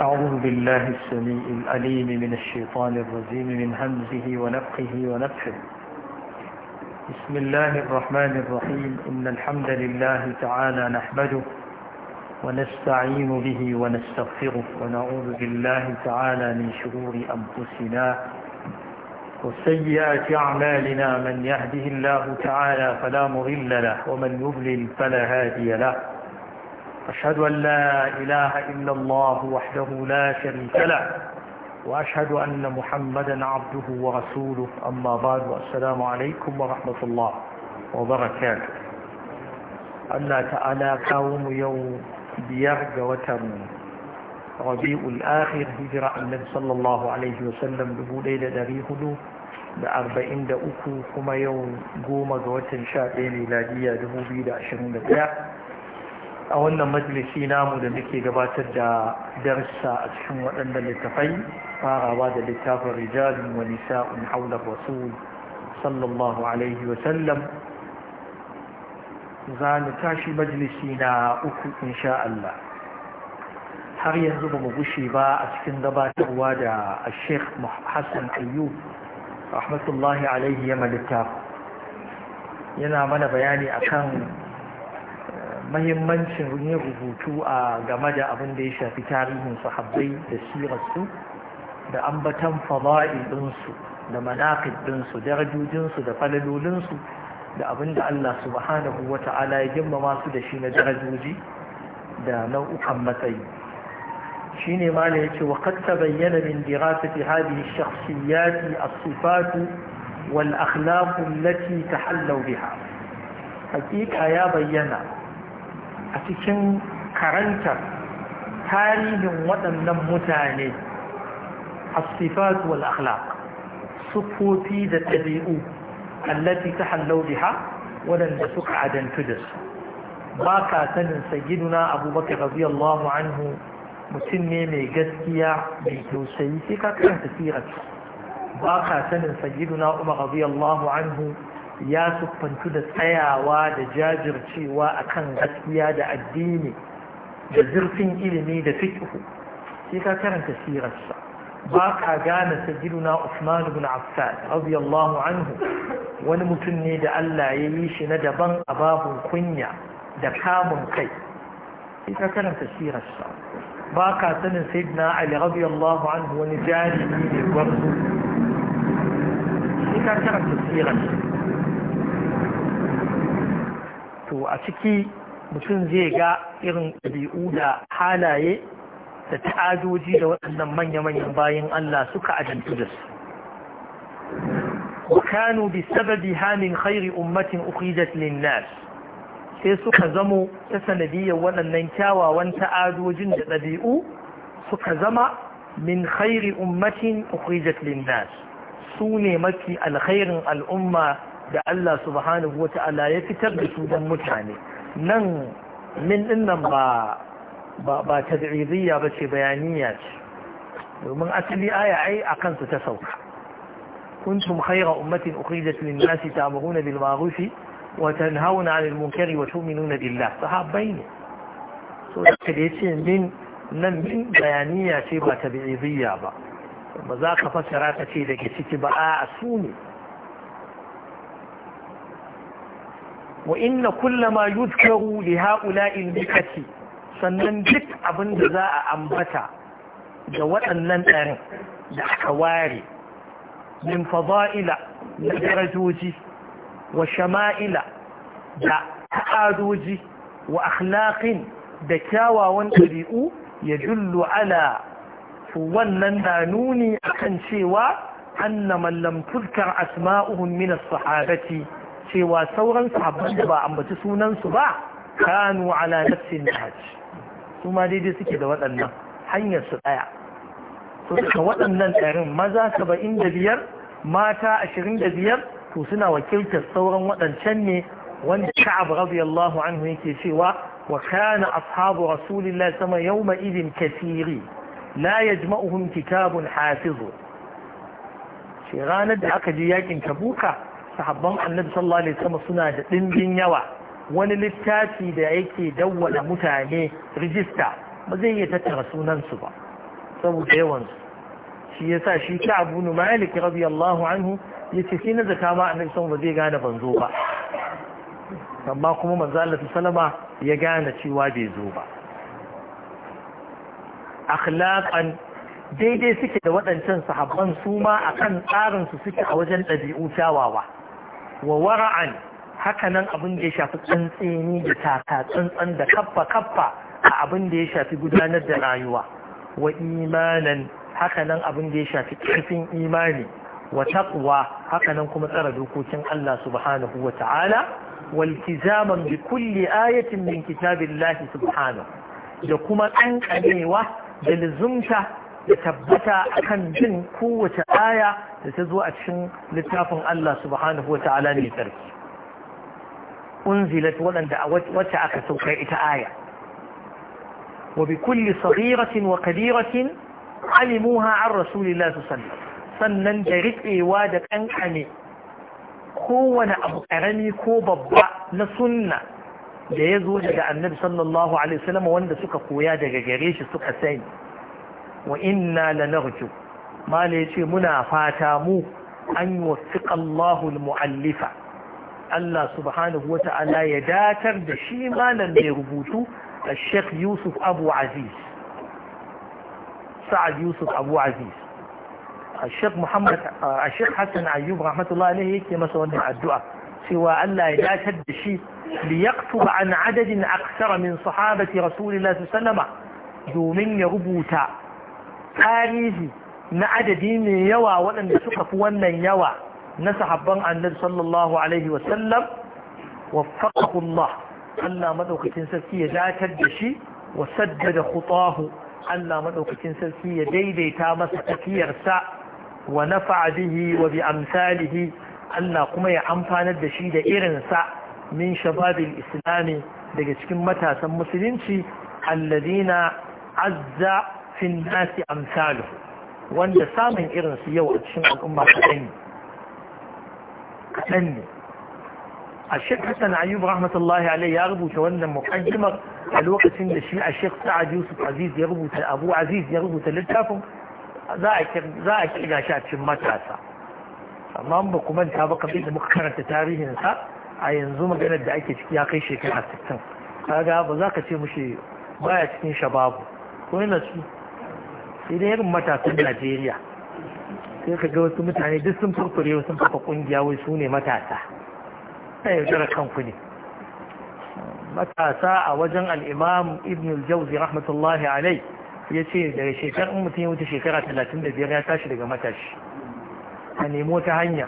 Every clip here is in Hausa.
أعوذ بالله السميع الأليم من الشيطان الرجيم من همزه ونفخه ونفخه بسم الله الرحمن الرحيم إن الحمد لله تعالى نحمده ونستعين به ونستغفره ونعوذ بالله تعالى من شرور أنفسنا وسيئات أعمالنا من يهده الله تعالى فلا مضل له ومن يضلل فلا هادي له أشهد أن لا إله إلا الله وحده لا شريك له وأشهد أن محمدا عبده ورسوله أما بعد والسلام عليكم ورحمة الله وبركاته الله تعالى قوم يوم بيرج وتم ربيع الآخر هجرة النبي صلى الله عليه وسلم بقولي دري هدو بأربعين دؤكو كما يوم قوم وتن شاء ميلادية دهو بيد عشرين دا a wannan majalisi namu da muke gabatar da darussa a cikin waɗannan littafai farawa da littafin rijalin wa nisa'un haula rasul sallallahu alaihi wa sallam za mu tashi majalisi na uku insha Allah har yanzu ba mu gushe ba a cikin gabatarwa da Sheikh Hassan Ayyub rahmatullahi alaihi ya littafi yana mana bayani akan mahimmancin yin rubutu a game da abin da ya shafi tarihin sahabbai da sirarsu da ambatan fada'i ɗinsu da manaƙid ɗinsu darajojinsu da falalolinsu da abin da Allah subhanahu wa ta'ala ya girmama su da shi na darajoji da nau'ukan matsayi shi ne ma ya ce wa bayyana min dirasati hadihi shakhsiyati as-sifatu wal akhlaq allati tahallaw biha hakika ya bayyana a cikin karantar tarihin waɗannan mutane a sifatu wal'akhlaq sufofi da ɗabi'u allafi ta hallau biha waɗanda suka adantu da su ba ka sanin sayyiduna abubakar radiyallahu anhu mutum ne mai gaskiya mai tausayi sai ka karanta sirat ba ka sanin sayyiduna umar radiyallahu anhu ya siffantu da tsayawa da jajircewa akan gaskiya da addini da zurfin ilimi da fiqhu sai ka karanta sirarsa ba ka gane sajiduna Usman ibn Affan radiyallahu anhu wani mutum ne da Allah ya yi shi na daban a babun kunya da kamun kai sai ka karanta sirarsa ba ka sanin sayyidina Ali radiyallahu anhu wani jari ne gwarzo sai ka karanta sirarsa a ciki mutum zai ga irin ɗabi'u da halaye da ta'adoji da waɗannan manya-manyan bayan Allah suka ajantu da su wakanu bi sababi hamin khairi ummatin ukhrijat linnas sai suka zamo ta sanadiyar waɗannan kyawawan ta'adojin da ɗabi'u suka zama min khairi ummatin ukhrijat linnas su ne mafi alkhairin al'umma da Allah subhanahu wa ta'ala ya fitar da su don mutane nan min dinnan ba ba tad'idiyya ba ce bayaniya ce domin asali aya ai a kansu ta sauka kuntum khaira ummatin ukhrijat lin nasi ta'muruna bil ma'ruf wa tanhauna 'anil munkari wa tu'minuna billah sahabbai ne so da ce min nan min bayaniya ce ba tad'idiyya ba ba za ka fassara ta ce daga ciki ba a su ne wa inna kullama yuzkaru li ha'ula'il bikati sannan duk abin da za a ambata da waɗannan ɗarin da aka ware min na darajoji wa shama'ila da ta'adoji wa akhlaqin da kyawawan ɗabi'u ya jullu ala wannan na nuni akan cewa anna man lam tuzkar asma'uhum min sahabati cewa sauran sahabban da ba ambaci sunansu ba kanu ala nafsin nahaj su ma daidai suke da waɗannan hanyar su ɗaya su daga waɗannan ɗarin maza saba'in da biyar mata ashirin da biyar to suna wakiltar sauran waɗancan ne wanda ka'ab radiyallahu anhu yake cewa wa kana ashabu rasulillahi sama yawma idin kathiri la yajma'uhum kitabun hafizu shi ranar da aka je yakin tabuka sahabban annabi sallallahu alaihi wasallam suna da ɗimbin yawa wani littafi da yake dawwala mutane rijista ba zai iya tattara sunansu ba saboda yawansu shi yasa shi ta abu nu malik radiyallahu anhu yace shi na zaka ma annabi sallallahu ba zai gane zo ba amma kuma manzo Allah sallama ya gane cewa bai zo ba akhlaqan daidai suke da waɗancan sahabban su ma akan tsarin su suke a wajen ɗabi'u kyawawa wa wara'an hakanan abin da ya shafi tsantseni da taka tsantsan da kaffa kaffa a abin da ya shafi gudanar da rayuwa wa imanan hakanan abin da ya shafi ƙarfin imani wa taqwa hakanan kuma tsara dokokin Allah subhanahu wa ta'ala bi kulli ayatin min kitabillahi subhanahu da kuma kankanewa da lizumta da tabbata akan jin kowace aya da ta zo a cikin littafin Allah subhanahu wa ta'ala ne tsarki unzilat waɗanda wacce aka sauka ita aya wa bi kulli saghiratin wa kabiratin alimuha an rasulillahi sallallahu alaihi wasallam sannan da riƙewa da kankane kowane abu karami ko babba na sunna da ya zo daga annabi sallallahu alaihi wasallam wanda suka koya daga gare shi suka sani wa inna lanarju mala yace muna fata mu an yuwaffiqa Allahu al-mu'allifa Allah subhanahu wa ta'ala ya datar da shi malam mai rubutu a sheikh Yusuf Abu Aziz Sa'ad Yusuf Abu Aziz a sheikh Muhammad al-Sheikh Hassan Ayyub rahmatullahi alayhi yake masa wannan addu'a cewa Allah ya datar da shi li yaktuba an adadin aksara min sahabati rasulillahi sallallahu alaihi wasallam domin ya rubuta tarihi na adadi mai yawa waɗanda suka fi wannan yawa na sahabban annabi sallallahu alaihi wasallam waffaqahullah Allah madaukakin sarki ya datar da shi wa saddada khutahu Allah madaukakin sarki ya daidaita masa sa wa nafa'a bihi wa bi amsalihi Allah kuma ya amfanar da shi da sa min shababil islami daga cikin matasan musulunci alladina azza fin nasi amsaluhu wanda samun su yau a cikin al'umma kaɗan ne kaɗan ne a shek hassan ayyub rahmatullahi alai ya rubuta wannan muƙaddimar a lokacin da shi a shek sa'ad yusuf aziz ya rubuta abu aziz ya rubuta littafin za a kirga shi a cikin matasa amma ba kuma ta ba kamar da muka karanta tarihinsa a yanzu maganar da ake ciki ya kai shekara 60 kaga ba za ka ce mushi baya cikin shababu ko yana cikin sai dai irin matasan najeriya sai ka ga wasu mutane duk sun furfure sun kafa kungiya wai su ne matasa na yaudara kanku ne matasa a wajen al'imam ibn al jawzi rahmatullahi alai ya ce daga shekar in mutum ya wuce shekara talatin da biyar ya tashi daga matashi a nemo ta hanya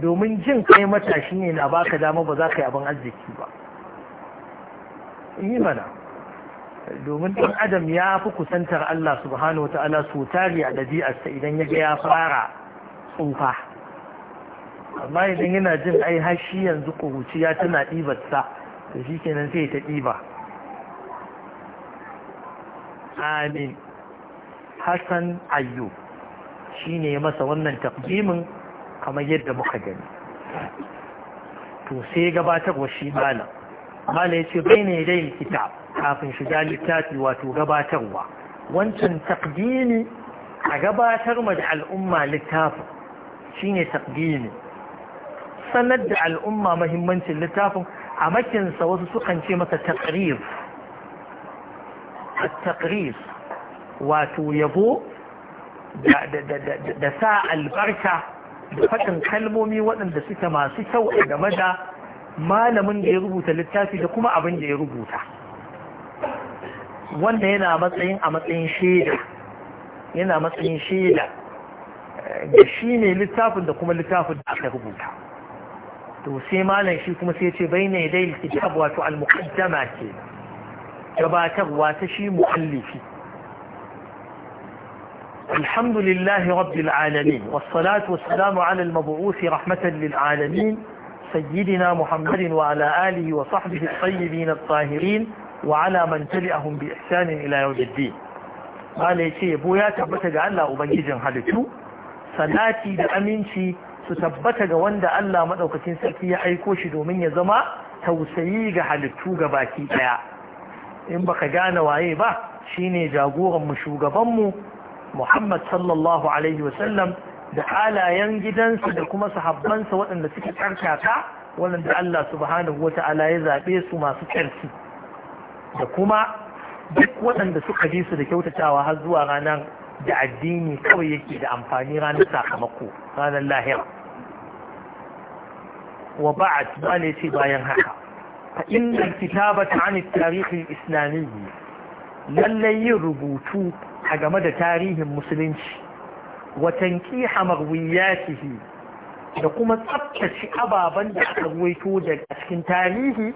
domin jin kai matashi ne na baka dama ba za ka yi abin arziki ba In yi mana domin ɗan adam ya fi kusantar Allah subhanahu wata'ala su tari a ɗabi'arsa idan ya ga ya fara tsufa amma idan yana jin ai hashi yanzu ƙuruciya tana ɗibarsa da shi kenan sai ta ɗiba amin hassan ayyu shi ne masa wannan tafgimin kamar yadda muka gani to sai gabatarwa shi malam malam ya ce bai ne dai kitab kafin shiga littafi wato gabatarwa wancan takdimi a gabatar ma da al'umma littafin shine takdimi sanar da al'umma mahimmancin littafin a makinsa wasu sukan ce masa taqrir a taqrir wato yabo da sa albarka da faɗin kalmomi waɗanda suke masu kyau game da malamin da ya rubuta littafi da kuma abin da ya rubuta wanda yana matsayin a matsayin shaida yana matsayin shaida da shi ne littafin da kuma littafin da aka rubuta to sai malam shi kuma sai ce bai ne dai kitab wato al-muqaddama ce gabatarwa ta shi muallifi الحمد لله رب العالمين والصلاة والسلام على المبعوث رحمة للعالمين سيدنا محمد وعلى آله وصحبه الطيبين الطاهرين wa alama tali a hunbi isanin ilayawu da biyu. olly ce bo ya tabbata ga allah ubangijin bangijin halittu sanatti da aminci su tabbata ga wanda allah maɗaukacin sarki ya aiko shi domin ya zama tausayi ga halittu ga baki ɗaya. in baka gane waye ba shine jagoran mu shugaban mu muhammad salallahu alaihi wa salam da alayyan gidansa da kuma sahabbansa waɗanda suke ke karkaka wadanda allah subhanahu wata'ala ya zaɓe su masu ƙirji. da kuma duk waɗanda suka bi su da kyautatawa har zuwa ranar da addini kawai yake da amfani ranar sakamako ranar lahira wa ba'at ba ne ce bayan haka fa inda kitabata an tarihin islamiyyi lallai yin rubutu a game da tarihin musulunci wa tanqiha marwiyatihi da kuma tsaftace ababen da aka ruwaito daga cikin tarihi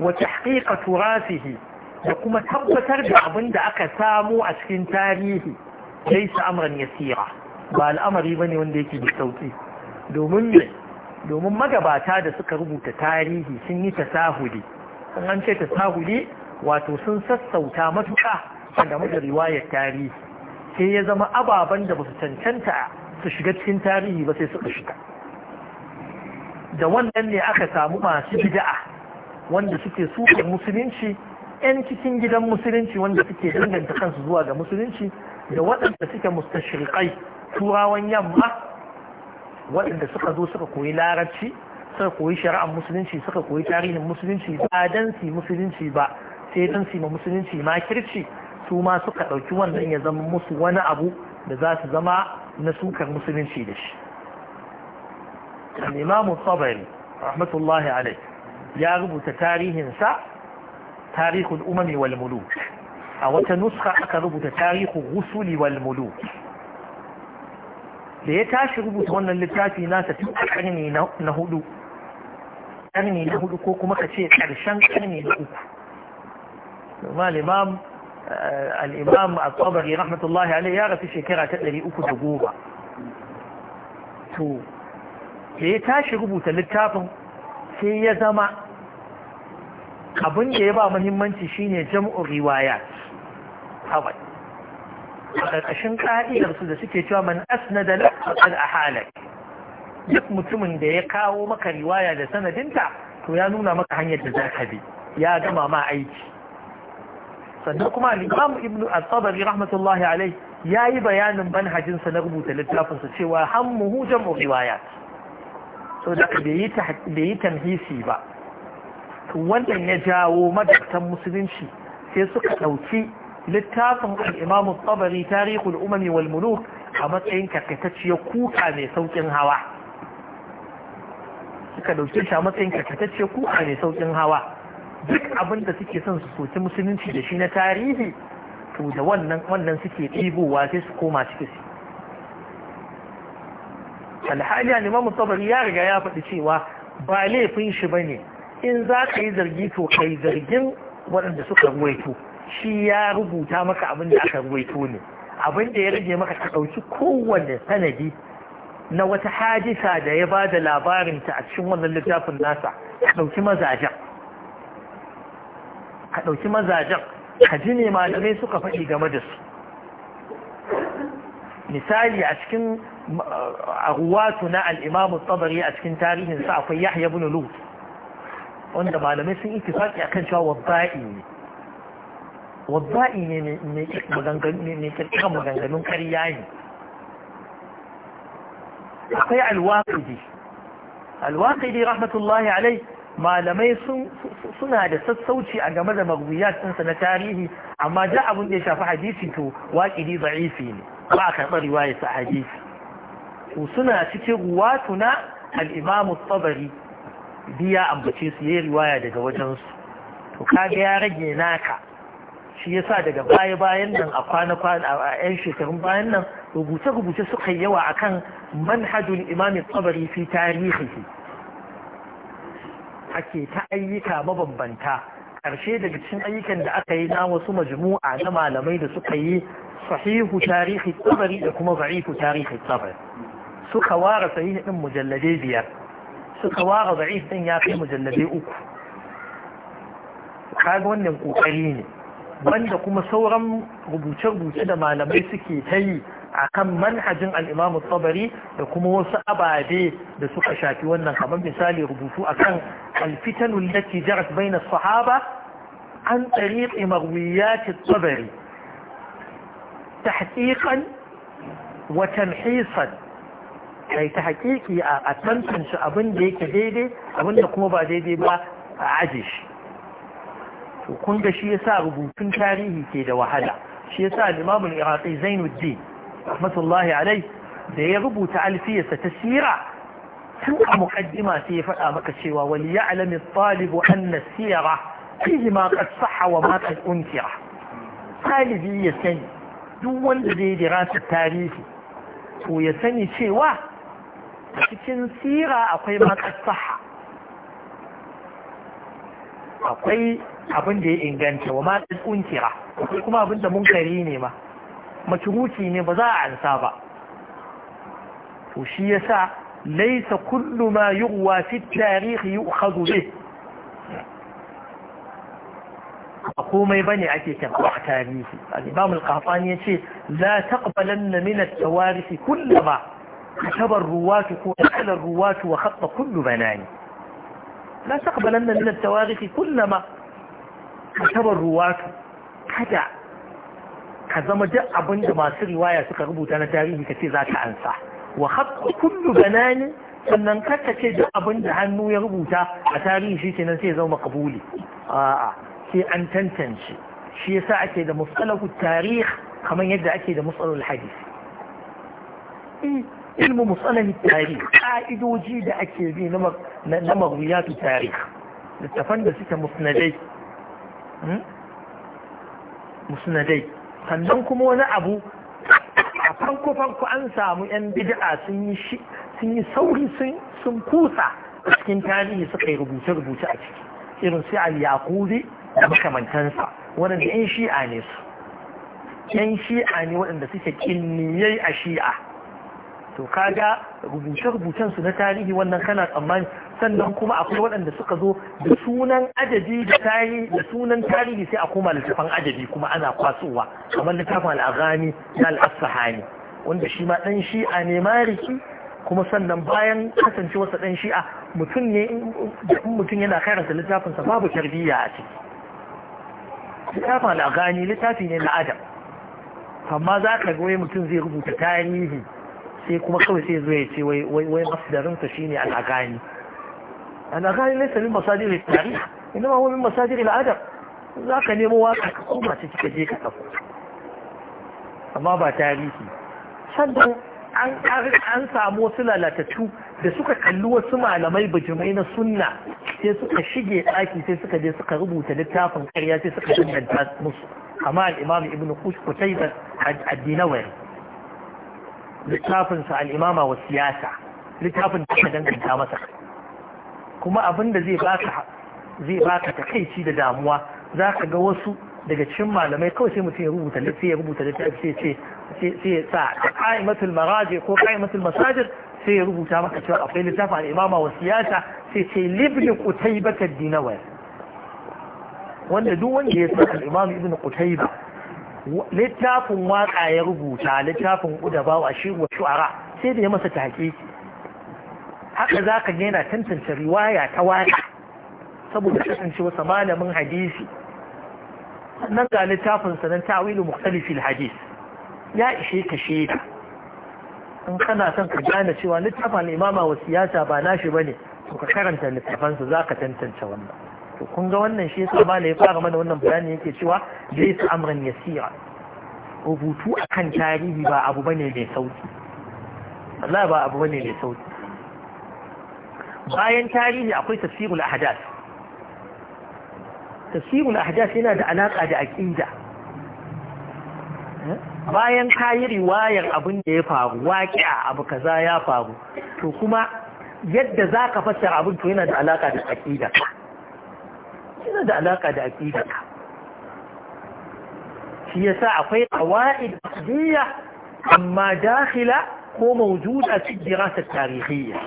Wace tahqiqa turasihi da kuma tabbatar da abin da aka samu a cikin tarihi laysa amran yasira ba al'amari bane wanda yake da sauki domin magabata da suka rubuta tarihi sun yi tasahuli sun an ce tasahuli wato sun sassauta matuƙa a game da riwayar tarihi sai ya zama ababen da ba su cancanta su shiga cikin tarihi ba sai suka shiga da wannan ne aka samu masu bid'a wanda suke sukar musulunci 'yan cikin gidan musulunci wanda suke danganta kansu zuwa ga musulunci da waɗanda suke mustashriƙai turawan yamma waɗanda suka zo suka koyi larabci suka koyi shari'ar musulunci suka koyi tarihin musulunci ba dan su musulunci ba sai dan su ma musulunci ma kirci su ma suka ɗauki wannan ya zama musu wani abu da za su zama na sukar musulunci da shi al-imamu tabari rahmatullahi alaihi يا رب تاريخ سا تاريخ الأمم والملوك أو تنسخة كربط تاريخ الرسل والملوك ليتاش ربط وانا لتاتي ناسا في أرني نهدو أرني نهدو كوكو ما كتير أرشان أرني نهدو ما الإمام آه الإمام الطبري رحمة الله عليه يعرف شكرا تأذي أكو دقوبة تو ليتاش ربط لتاتي sai ya zama abin da ya ba muhimmanci shine jam'u riwayat kawai a ƙarƙashin ƙa'idarsu da suke cewa man asnada lafaqad ahalak duk mutumin da ya kawo maka riwaya da sanadinta to ya nuna maka hanyar da za ka bi ya gama ma aiki sannan kuma al-imam ibnu at-tabari rahmatullahi ya yi bayanin banhajinsa na rubuta littafinsa cewa hammuhu jam'u riwayat so da bai yi tamhisi ba to wannan ya jawo madaftan musulunci sai suka ɗauki littafin al'imamu tsabari tarihul umami wal muluk a matsayin karkatacciyar kuka mai saukin hawa suka shi a matsayin karkatacciyar kuka mai saukin hawa duk abinda suke son su soki musulunci da shi na tarihi to da wannan suke ɗibowa sai su koma ciki alhali ne mamu tabari ya riga ya faɗi cewa ba laifin shi ba ne, in za ka yi zargi to yi zargin waɗanda suka ruwaito shi ya rubuta maka abin da aka ruwaito ne abin da ya rage maka ka ɗauki kowane sanadi na wata hadisa da ya ba da labarinta a cikin wannan littafin nasa ka ɗauki mazajen ka ɗauki mazajen ka ji ne malamai suka faɗi game da su misali a cikin uh, arwatu na al'imamu tsabari a cikin tarihin tarihinsa akwai yahya bin lut wanda malamai sun a kan cewa wabba'i ne wabba'i ne mai kirkiran maganganun karya ne akwai alwaƙidi alwaƙidi rahmatullahi alai malamai suna da sassauci a game da magwiyar ɗinsa na tarihi amma da abin da ya shafi hadisi to waƙidi za'ifi ne ba a karɓar su a hadisi Ku suna cikin ruwatuna al-imam tsabari. biya ambace su yi riwaya daga wajensu. su to kaga ya rage naka shi ya sa daga baya bayan nan a kwana kwana a yan shekarun bayan nan rubuce rubuce suka yawa a akan manhajul imamu tsabari fi tarihi ake ta ayyuka mabambanta ƙarshe daga cikin ayyukan da aka yi na wasu majmu'a na malamai da suka yi sahihu tarihi tsabari da kuma za'ifu tarihi tsabari suka ware sahihi din mujalladai biyar suka ware za'if din ya kai mujalladai uku kaga wannan kokari ne banda kuma sauran rubuce-rubuce da malamai suke ta yi a kan manhajin al'imamu tsabari da kuma wasu ababe da suka shafi wannan kamar misali rubutu a kan alfitanun da jaras bai na sahaba an tsariƙi marwiyati tsabari تحقيقا وتمحيصا أي تحقيقي أتمكن ان أبن ديك الإمام العراقي زين الدين رحمة الله عليه دي ربو تعالفية ستسيرة سوء مقدمة في مكشوة وليعلم الطالب أن السيرة فيه ما قد صح وما قد أنكره قال بي duk wanda zai dirasar tarihi to ya sani cewa cikin sira akwai makasaha akwai abin da ya inganta wa matsin unkira kuma abin da munkari ne ma makiruci ne ba za a ansa ba to shi sa laisa kullu ma fi tarihi yu'khadhu bih komai bane ake karɓa a tarihi al-imam al-qahtani yace la taqbalanna min at-tawarith kullama kataba ar-ruwatu ko kala ar-ruwatu wa khatta kullu banani la taqbalanna min at-tawarith kullama kataba ar-ruwatu kada ka zama duk abin da masu riwaya suka rubuta na tarihi ka ce za ka ansa wa khatta kullu banani sannan kaka ce duk abin da hannu ya rubuta a tarihi shi kenan sai ya zama makabuli a'a sai an tantance shi yasa ake da musalahu tarih kamar yadda ake da musalul hadis eh, ilmu musalahu tarih ka'idoji da ake bi na marwiyatu tarih littafan da suke musnadai hmm? musnadai sannan kuma wani abu a fanko-fanko an samu yan bid'a sun yi sauri sun kusa a cikin tarihi suka yi rubuce-rubuce a ciki irin sai al-yaqubi da makamantansa waɗanda 'yan shi'a ne su 'yan shi'a ne waɗanda suke kinniyai a shi'a to kaga rubuce rubucensu su na tarihi wannan kana tsammani sannan kuma akwai waɗanda suka zo da sunan ajabi da sunan tarihi sai a koma littafin ajabi kuma ana kwasowa kamar littafin al'azami na al'asahani wanda shi ma ɗan shi'a ne mariki kuma sannan bayan kasancewarsa ɗan shi'a mutum ne in mutum yana karanta littafinsa babu tarbiyya a ciki littafin al'agani littafi ne na adam amma za ka goyi mutum zai rubuta tarihi sai kuma kawai sai zuwa ya ce wai masdarinsa shi ne al'agani al'agani ne samin masajiri tarihi ina ma wani masajiri adam za ka nemo waka ka koma ciki ka je ka tafi amma ba tarihi sannan an samu wasu lalatattu da suka kalli wasu malamai bijimai na sunna sai suka shige ɗaki sai suka je suka rubuta littafin karya sai suka danganta musu kama al'imam ibn kutai da addinawar littafinsa al'imama wa siyasa littafin da suka danganta masa kuma abin da zai baka zai baka takaici da damuwa za ka ga wasu daga cikin malamai kawai sai mutum ya rubuta littafi ya rubuta littafi sai ce sai ya sa qa'imatul maraji ko qa'imatul masajid sai ya rubuta maka cewa akwai littafin al-imama wa siyasa sai ce libni qutaybah ad-dinawi wanda duk wanda ya san al-imam ibn qutaybah littafin waka ya rubuta littafin udaba wa shiru shu'ara sai da ya masa tahqiqi haka zaka ga yana tantance riwaya ta waka saboda kasance wasa malamin hadisi sannan ga littafin sanan ta'wilu mukhtalifil hadith ya ishe ka shaida in kana son ka gane cewa littafin imama wa siyasa ba nashi ne to ka karanta littafansa zaka tantance wannan to kun ga wannan shi yasa ma ya fara mana wannan bayani yake cewa laysa amran yasira rubutu akan tarihi ba abu bane mai sauki Allah ba abu bane mai sauki bayan tarihi akwai tafsirul ahdath tafsirul ahdath yana da alaka da aqida bayan kayi riwayar abin da ya faru a abu kaza ya faru to kuma yadda za ka fassara abin to yana da alaka da aqida yana da alaka da aqida shi yasa akwai qawaid aqdiyya amma dakhila ko mawjuda fi dirasat tarihiyya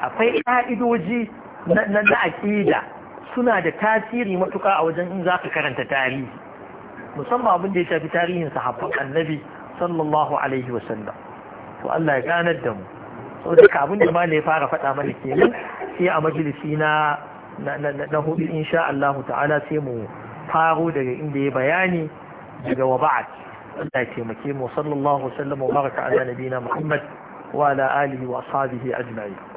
akwai ka'idoji na na aqida suna da tasiri matuƙa a wajen in za ka karanta tarihi musamman abin da ya shafi tarihin sahabban annabi sallallahu alaihi wasallam to Allah ya ganar da mu saboda ka abin da ma ya fara faɗa mana kenan sai a majalisi na na hudu insha Allah ta'ala sai mu faro daga inda ya bayani daga waba'at Allah ya taimake mu sallallahu alaihi wasallam wa baraka ala nabina Muhammad wa ala alihi wa ashabihi ajma'in